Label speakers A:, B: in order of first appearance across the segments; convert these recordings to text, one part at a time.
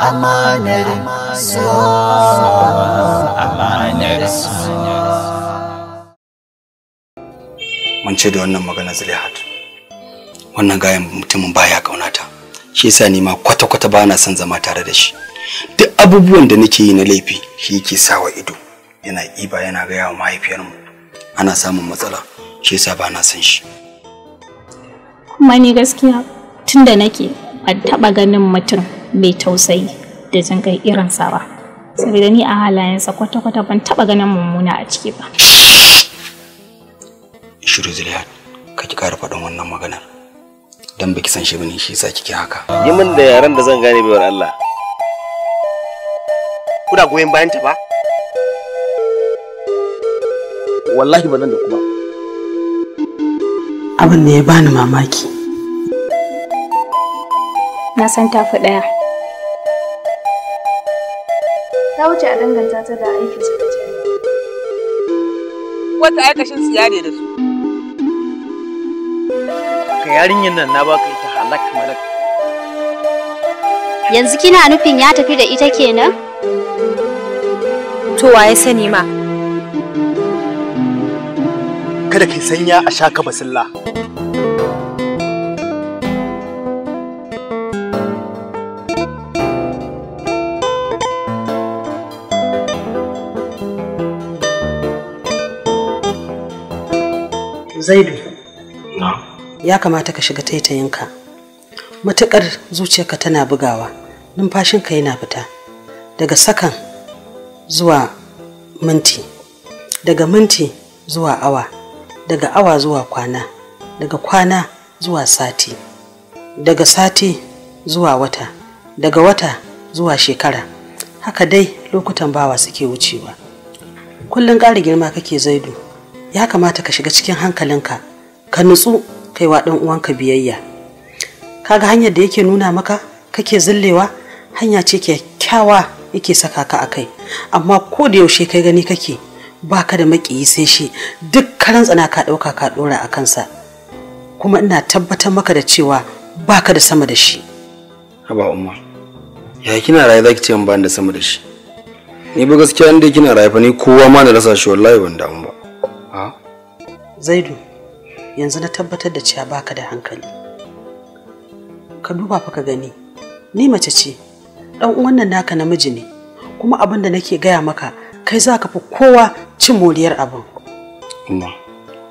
A: amanar so
B: mun ce da wannan magana zulihat wannan gayan mutumin baya kaunata shi yasa ni ma kwata-kwata ba na son zama tare da shi duk abubuwan da nake yi na laifi shi yake sawa ido yana iba yana gaya wa mahaifiyarmu ana samun matsala shi yasa ba na son shi
C: kuma ni gaskiya tunda nake ban taɓa ganin mutum mai tausayi da jin kai irinsa ba saboda ni a halayensa kwata-kwata ban taba ganin mummuna a ciki ba
B: shiru ziliyar ka ki kara faɗin wannan maganar dan baki san shi bane shi yasa kike haka
D: yi min da yaran da zan gane baiwar Allah kuna goyon bayan ta ba wallahi ba da kuma
E: abin da ya
C: bani mamaki na san tafi ɗaya
A: ta wuce a danganta ta da aikin su da jami'a. Wata
C: aikashin su yare da su.
D: Ka yarinyar nan na baka ita halak malak.
C: Yanzu
E: kina nufin ya tafi da ita kenan? To waye sani ma. Kada kai sanya a sha ka basilla. Zaidu. Ya kamata ka shiga taitayinka. Matuƙar zuciyarka tana bugawa, numfashinka yana fita. Daga sakan zuwa minti, daga minti zuwa awa, daga awa zuwa kwana, daga kwana zuwa sati, daga sati zuwa wata, daga wata zuwa shekara. Haka dai lokutan bawa suke wucewa. Kullum ƙara girma kake zaidu. ya kamata ka shiga cikin hankalinka ka nutsu kaiwa ɗan uwanka biyayya kaga hanyar da yake nuna maka kake zillewa hanya ce kyakkyawa yake saka ka a kai amma ko da yaushe kai gani kake baka da maƙiyi sai shi duk karan tsana ka ɗauka ka ɗora a kansa kuma ina tabbatar maka da cewa baka da sama da shi
B: haba umma ya kina raye zaki ce ban da sama da shi ni ba gaskiya inda kina raye fa ni kowa ma na rasa shi wallahi ban damu
E: Zaidu, yanzu na tabbatar da cewa baka da hankali. Ka duba fa ka gani, ni mace ce, ɗan uwan naka namiji ne, kuma abin da nake gaya maka kai za ka fi kowa cin moriyar abin.
B: Amma,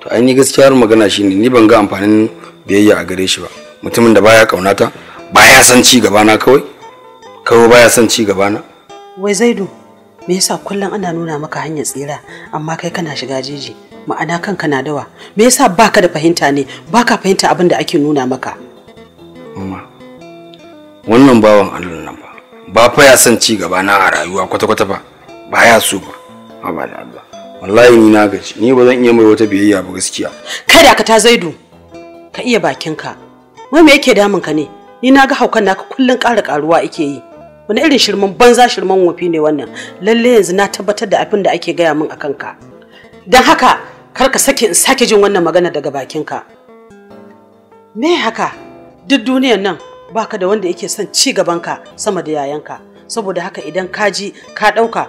B: to an yi har magana shi ne, ni ban ga amfanin biyayya a gare shi ba. Mutumin da baya ƙaunata, baya son ci gabana kawai, kawai baya son ci gabana.
E: Wai Zaidu, me yasa kullum ana nuna maka hanyar tsira amma kai kana shiga jeji ma'ana kanka na dawa me yasa baka da fahimta ne baka fahimta abin da ake nuna maka
B: amma wannan bawan Allah nan ba ba fa ya san ci gaba na a rayuwa kwata kwata ba ba ya so ba amma da Allah wallahi ni na gaji ni ba zan iya mai wata biyayya ba gaskiya
E: kada ka ta zaidu ka iya bakinka wai me yake damun ka ne ni na ga haukan naka kullun ƙara karuwa yake yi wani irin shirman banza shirman wofi ne wannan lalle yanzu na tabbatar da abin da ake gaya min akan ka don haka kar ka sake in sake jin wannan magana daga bakinka me haka duk duniyar nan baka da wanda yake son ci gaban ka sama da 'ya'yan ka, saboda haka idan ka ji ka ɗauka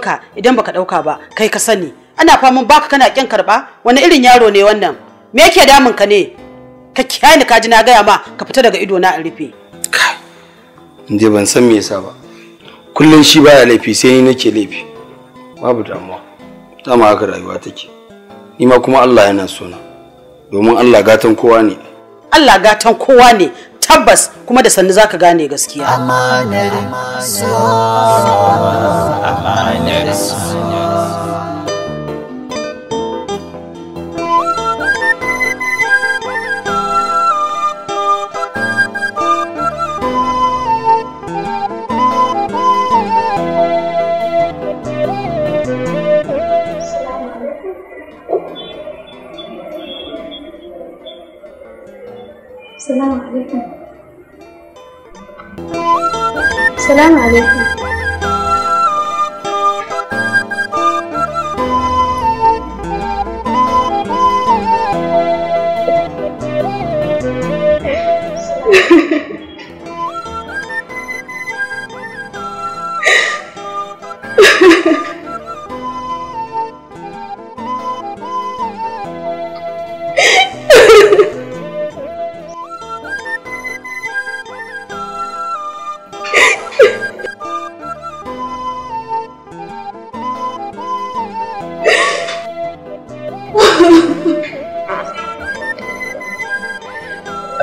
E: ka idan baka ɗauka ba kai ka sani ana faman baka kana ƙin karɓa wani irin yaro ne wannan me yake damun ka ne ka kiyaye ka ji na gaya ma ka fita daga ido na in rufe
B: je ban san me yasa ba kullum shi baya laifi sai ni nake laifi babu damuwa dama haka rayuwa take ni kuma Allah yana suna, domin Allah gatan kowa ne
E: Allah gatan kowa ne tabbas kuma da sannu zaka gane gaskiya
D: amana
A: so amana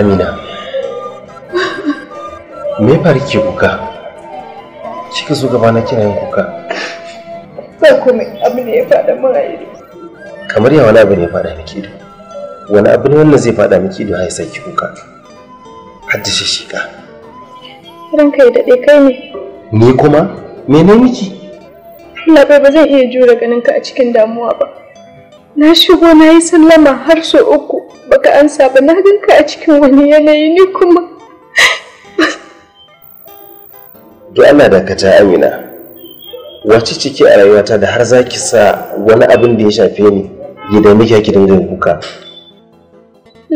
D: Amina. Me ya faru ke kuka? Kika zo gaba na kiran yin kuka.
A: Ba komai amina ya faɗa min a ido.
D: Kamar ya wani abu ne ya faɗa miki ido. Wani abu ne wanda zai faɗa miki ido har ya saki kuka. Haddashe shiga.
A: Ranka ya daɗe kai ne.
D: Ni kuma? Me ne miki?
A: Allah bai ba zan iya jure ganin ka a cikin damuwa ba. na shigo na yi sallama har sau uku baka ansa ba na ganka a cikin wani yanayi ni kuma
D: duk ana dakata amina wace ciki a rayuwata da har zaki sa wani abin da ya shafe ni gidan dame ki ki kuka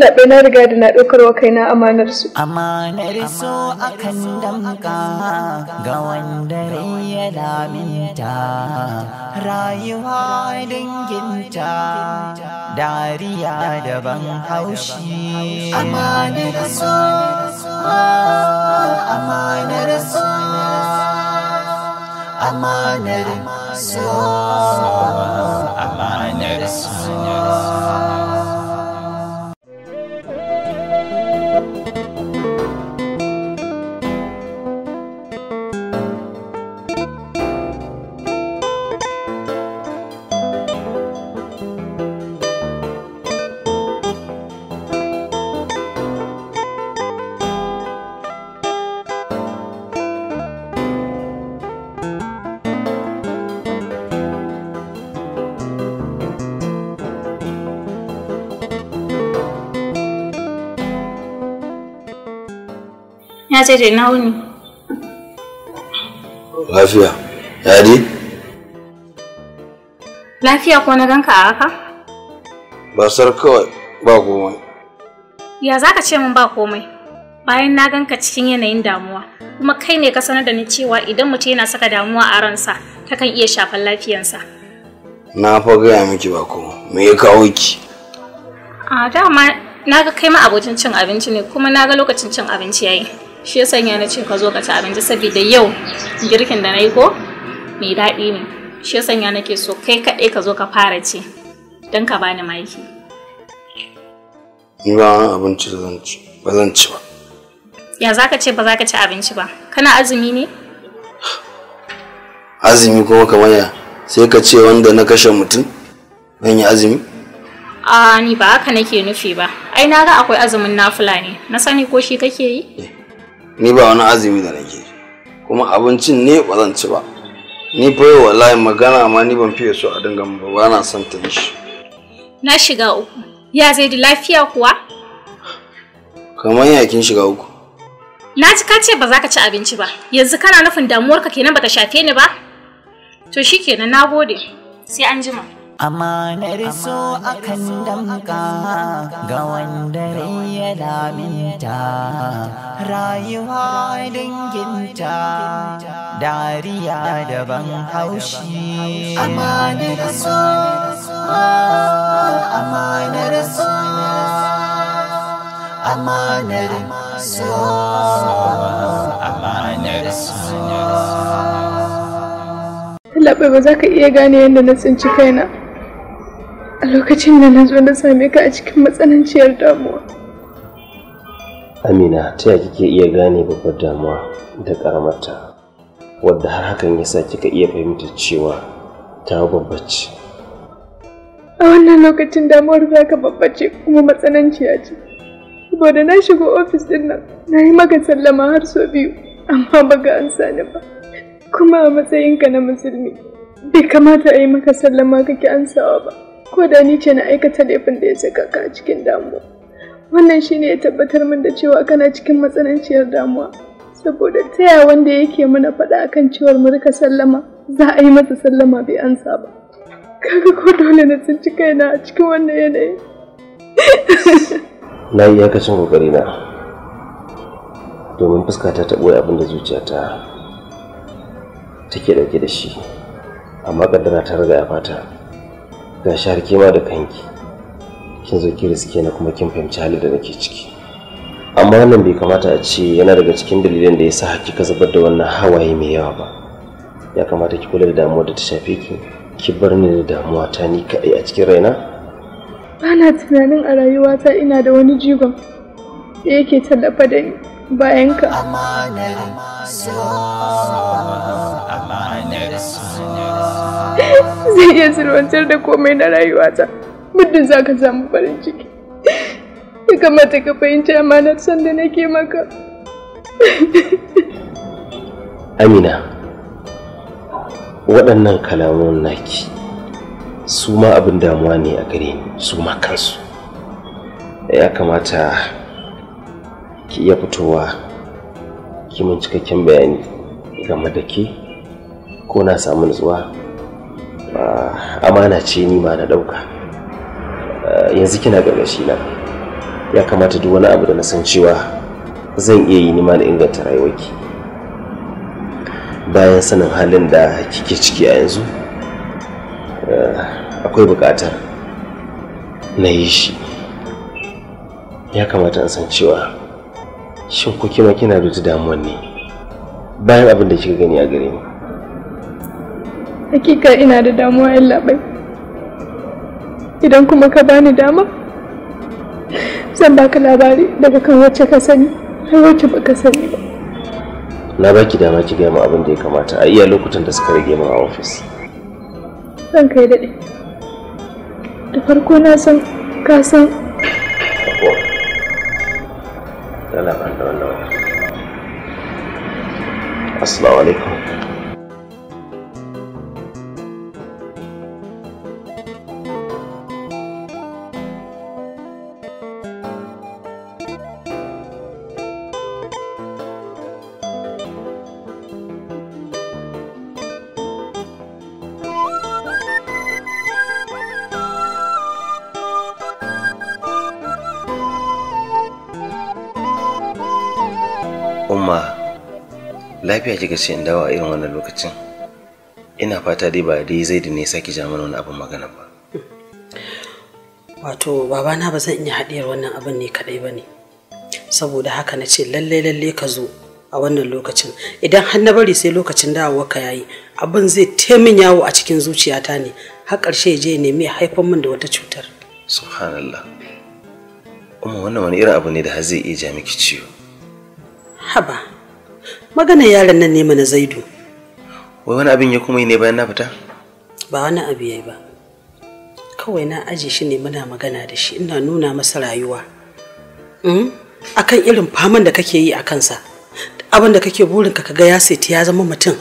A: Laɓe na riga da na ɗaukar wa kaina amanar su. Amanar so akan damka
D: ga wanda ya laminta rayuwa
C: danginta
D: dariya daban haushi. Amanar so, amanar so, amanar so, amanar so.
C: Sajid ina wuni?
B: Lafiya. Ya dai?
C: Lafiya ko na ganka a haka?
B: Ba sar kawai ba komai.
C: Ya za ka ce min ba komai? Bayan na ganka cikin yanayin damuwa, kuma kai ne ka sanar da ni cewa idan mutum yana saka damuwa a ransa, takan iya shafar lafiyansa.
A: Na
B: fa gaya miki ba komai, me ya kawo ki?
C: A dama na ga kai ma abokin cin abinci ne kuma na ga lokacin cin abinci yayi. shi ya sanya na ce ka zo ka ci abinci saboda yau girkin da na yi ko mai daɗi ne shi ya sanya na ke so kai kaɗai ka zo ka fara ci don ka bani maki
B: ni ba abinci da ba zan ci ba
C: ya za ka ce ba za ka ci abinci ba kana azumi ne
B: azumi kuma kamar ya sai ka ce wanda na kashe mutum zan yi azumi
C: a ni ba haka nake nufi ba ai na ga akwai azumin nafula ne na sani ko shi kake yi eh.
B: ni ba wani azumi da nake kuma abincin ne ba zan ci ba ni fa yau wallahi magana ma ni ban fiye so a dinga ba ba na son ta shi
C: na shiga uku ya zai da lafiya kuwa
B: kamar ya kin shiga uku
C: na ji ka ce ba za ka ci abinci ba yanzu kana nufin damuwarka kenan ta shafe ni ba to shikenan nagode sai an jima
D: Amanar so akan damka ga wanda ya daminta, rayuwa danginta dariya daban haushi. Amanar so, amanar so,
A: amanar so, amanar so. Labai ba za ka iya gane yadda na tsinci kaina. a lokacin da na zo na same ka a cikin matsananciyar damuwa
D: amina ta yaki kike iya gane babbar damuwa da karamarta wadda har hakan ya sa kika iya fahimtar cewa ta babbace
A: a wannan lokacin damuwar za ka babbace kuma matsananciya ce saboda na shiga ofis din nan na yi maka sallama har sau biyu amma ba ga an sani ba kuma a matsayinka na musulmi bai kamata a yi maka sallama kake ansawa ba ko da ni ce na aikata laifin da ya saka ka a cikin damuwa wannan shine ya tabbatar min da cewa kana cikin matsananciyar damuwa saboda taya wanda yake mana faɗa akan cewar mu rika sallama za a yi masa sallama bai ansa ba kaga ko dole na tsinci kaina a cikin wannan yanayi na yi
D: yankacin kokari na domin fuska ta ɓoye abin da zuciyata take ɗauke da shi amma ƙaddara ta riga ya fata ga shi har kima da kanki kin zo ki riske na kuma kin fahimci halin da nake ciki amma wannan bai kamata a ce yana daga cikin dalilin da ya sa kika zubar da wannan hawaye mai yawa ba ya kamata ki kula da damuwa da ta shafe ki ki bar ni da damuwa ta ni kaɗai a cikin raina
A: Bana tunanin a rayuwata ina da wani jigon da yake tallafa da ni bayan ka zai iya silwantar da komai na rayuwata muddin za ka samu farin ciki ya kamata ka fahimci amanar san da nake maka
D: amina waɗannan kalamun naki su ma abin damuwa ne a gare ni su ma kansu ya kamata ki iya fitowa ki mun cikakken bayani game da ke ko na samu nutsuwa Ah, amana ce ni ma na ɗauka ah, yanzu kina gargashi na ya kamata duk wani abu da na san cewa zan iya yi nima da inganta rayuwarki bayan sanin halin da kike ciki a yanzu ah, akwai buƙatar na yi shi ya kamata na san cewa shin ko kima kina da damuwan ne bayan abin da kika gani a gare ni
A: hakika ina da damuwa yan labai idan kuma ka bani dama zan baka labari daga kan wacce ka sani har wacce baka sani ba
D: na baki dama ki gaya mu abin da ya kamata a iya lokutan da suka rage min a ofis
A: zan kai daɗe da farko na san ka san
D: Assalamu alaikum. lafiya kika ce in dawo a irin wannan lokacin ina fata dai ba dai zai da ne saki ja mana wani abin magana ba
E: wato babana ba zan iya haɗiyar wannan abin ne kaɗai ba ne saboda haka na ce lallai lallai ka zo a wannan lokacin idan har na bari sai lokacin dawowar ka yayi abin zai min yawo a cikin zuciyata ne har ƙarshe je ya nemi haifan min da wata cutar
D: subhanallah kuma wannan wani irin abu ne da har zai iya ja miki ciwo
E: haba maganar yaron nan ne mana
D: zaidu wai wani abin ya kuma yi ne bayan na fita
E: ba wani abu yayi ba kawai na aje shi ne muna magana da shi ina nuna masa rayuwa hmm? akan irin faman da kake yi a kansa abin da kake burin ka ga ya saiti ya zama mutum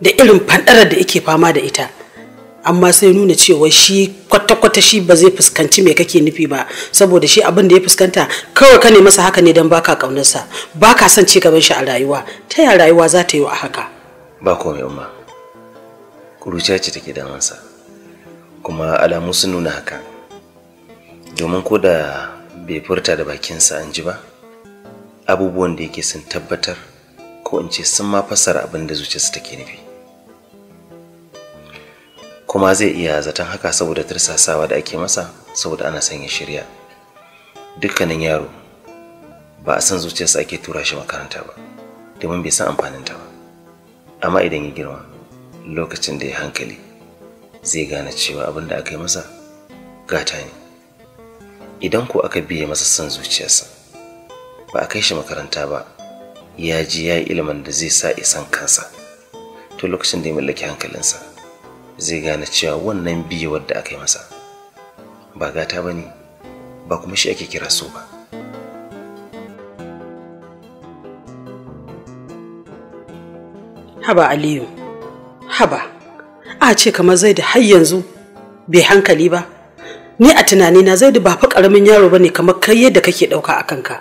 E: da irin fandarar da yake fama da ita amma sai nuna cewa shi kwata-kwata shi ba zai fuskanci me kake nufi ba saboda shi abin da ya fuskanta kawai ka ne masa haka ne don baka kaunarsa ka son ci gaban shi a rayuwa ta yaya rayuwa za ta yi a haka
D: ba komai umma kuruciya ce take damansa kuma alamu sun nuna haka domin ko da bai furta da bakinsa an ji ba abubuwan da yake sun tabbatar ko in ce sun ma fassara abin da zuciyarsa take nufi kuma zai iya zaton haka saboda tirsasawa da ake masa saboda ana son ya shirya dukkanin yaro ba a san zuciyarsa ake tura shi makaranta ba domin bai san amfaninta ba amma idan ya girma lokacin da ya hankali zai gane cewa abin da aka yi masa gata ne idan ko aka biye masa son zuciyarsa ba a kai shi makaranta ba ya ji ya yi ilimin da zai sa isan kansa to lokacin da ya mallaki hankalinsa zai gane cewa wannan biyu wadda aka yi masa ba gata ba ne ba kuma shi ake kira so ba
E: haba aliyu haba a ce kamar zai da har yanzu bai hankali ba ni a tunanina zai da ba fa ƙaramin yaro ba ne kamar kai yadda kake ɗauka a kanka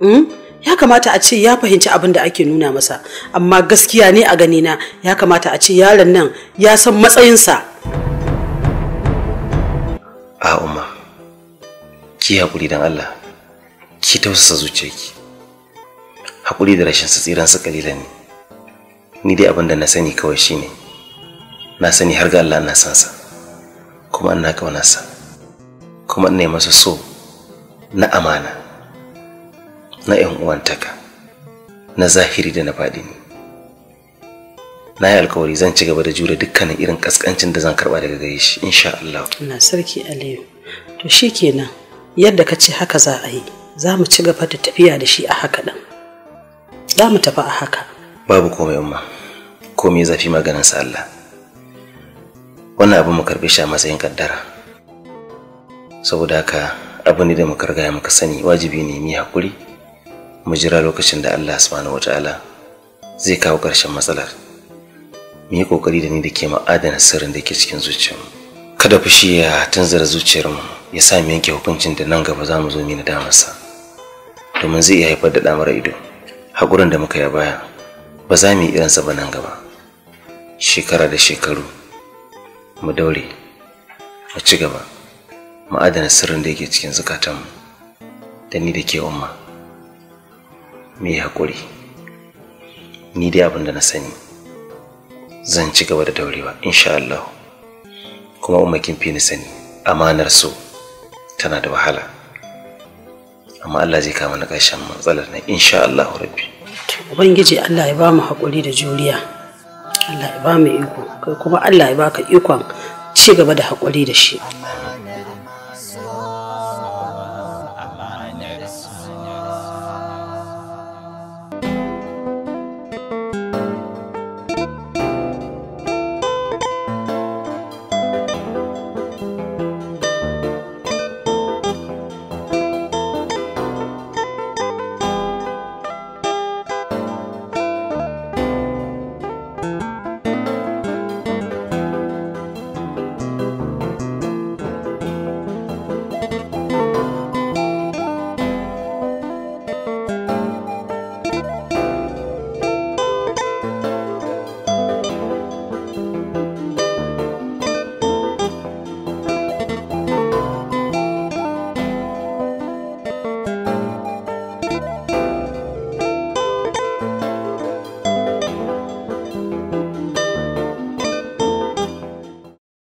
E: hmm? ya kamata a ce ya fahimci abin da ake nuna masa amma gaskiya ne a ganina ya kamata a ce yaron nan ya san matsayinsa
D: a umma ki hakuri don allah ki tausasa zuciyarki hakuri da rashin tsiran su kalilan ne ni dai abin da na sani kawai shine na sani har ga allah na san sa kuma ina kaunarsa kuma ina masa so na amana na 'yan uwantaka na zahiri da na ne. na yi alkawari zan ci gaba da jure dukkanin irin kaskancin da zan karba daga gare shi insha Allah
E: na sarki Aliyu to kenan, yadda ka ce haka za a yi za mu ci gaba da tafiya da shi a haka ɗin za mu tafi a haka
D: babu komai umma komai zafi maganin sa Allah wannan abin mu karbe shi a matsayin ƙaddara. saboda haka abu ne da muka riga muka sani wajibi ne mu yi hakuri mu jira lokacin da Allah subhanahu wataala zai kawo ƙarshen matsalar mu yi ƙoƙari da ni da ke ma'adana sirrin da ke cikin zuciyarmu kada fushi ya zuciyar zuciyarmu ya sa mu yanke hukuncin da nan gaba za mu zo mu damarsa domin zai iya haifar da damar ido haƙurin da muka yi baya ba za mu yi irinsa ba nan gaba shekara da shekaru mu daure mu ci gaba ma'adana sirrin da ke cikin zukatanmu da ni da ke umma mai hakuri ni dai abin da na sani zan ci gaba da daurewa insha Allah kuma umakin fi ni sani amanar su tana da wahala amma Allah zai kama na ƙarshen matsalar na insha Allah rabbi
E: ubangiji Allah ya ba mu haƙuri da juriya Allah ya ba mu iko kuma Allah ya baka ikon ci gaba da hakuri da shi